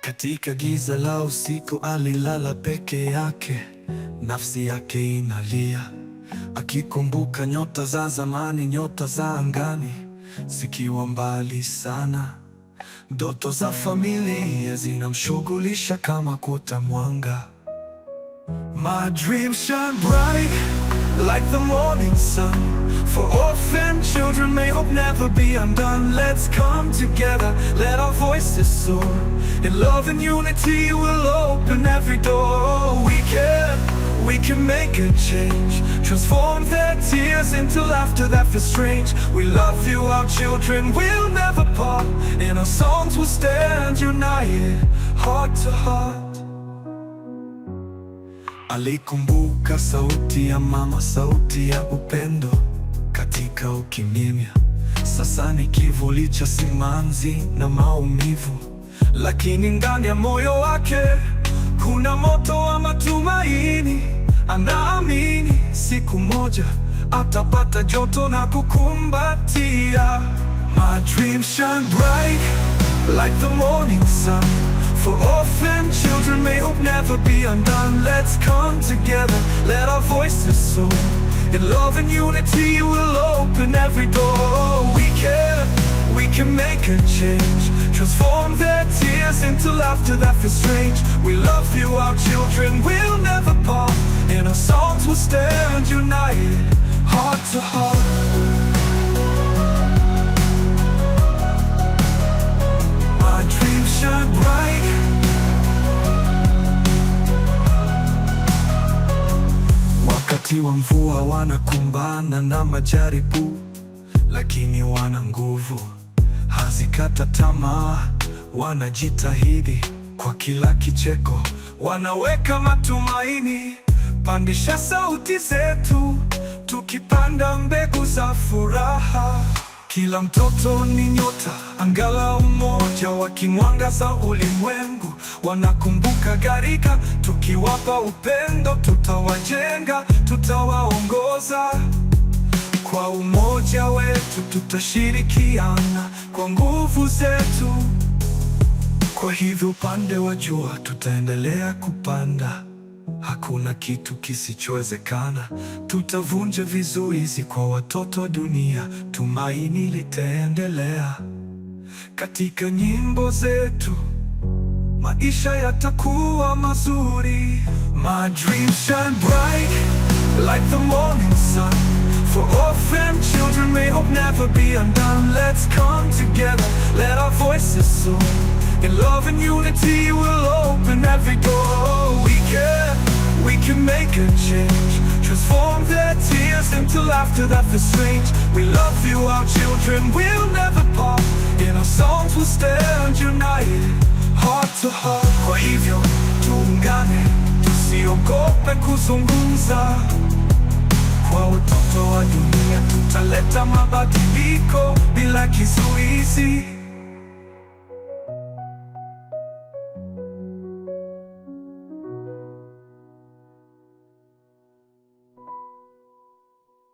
Katika giza la usiku alilala peke yake, nafsi yake inalia, akikumbuka nyota za zamani, nyota za angani zikiwa mbali sana. Ndoto za familia zinamshughulisha kama kuta mwanga My dreams shine bright like the morning sun. For orphan children may hope never be undone. Let's come together, let our voices soar. In love and unity, we'll open every door. We can, we can make a change. Transform their tears into laughter that feels strange. We love you, our children, we'll never part. In our songs, we'll stand united, heart to heart. Alikumbuka sauti ya mama, sauti ya upendo katika ukimimya Sasa ni kivuli cha simanzi na maumivu, lakini ndani ya moyo wake kuna moto wa matumaini. Anaamini siku moja atapata joto na kukumbatia. My dreams shine bright like the morning sun For orphan children may hope never be undone Let's come together, let our voices soar In love and unity we'll open every door We can, we can make a change Transform their tears into laughter that feels strange We love you, our children, we'll never part And our songs will stand united Heart to heart wakati wa mvua wanakumbana na majaribu, lakini wana nguvu, hazikata tamaa, wanajitahidi kwa kila kicheko, wanaweka matumaini. Pandisha sauti zetu, tukipanda mbegu za furaha. Kila mtoto ni nyota, angalau mmoja, wakimwangaza ulimwengu. Wanakumbuka gharika, tukiwapa upendo, tutawajenga, tutawaongoza. Kwa umoja wetu tutashirikiana, kwa nguvu zetu. Kwa hivyo upande wa jua tutaendelea kupanda. Hakuna kitu kisichowezekana. Tutavunja vizuizi kwa watoto wa dunia, tumaini litaendelea katika nyimbo zetu. Maisha yatakuwa mazuri. My dreams shine bright like the morning sun for orphan children may hope never be undone. Let's come together, let our voices soar in love and unity will open after that for strange We love you, our children, we'll never part In our songs we'll stand united Heart to heart Kwa hivyo, tuungane Tusiogope kuzungumza Kwa utoto wa dunia Tutaleta mabadiliko bila kizuizi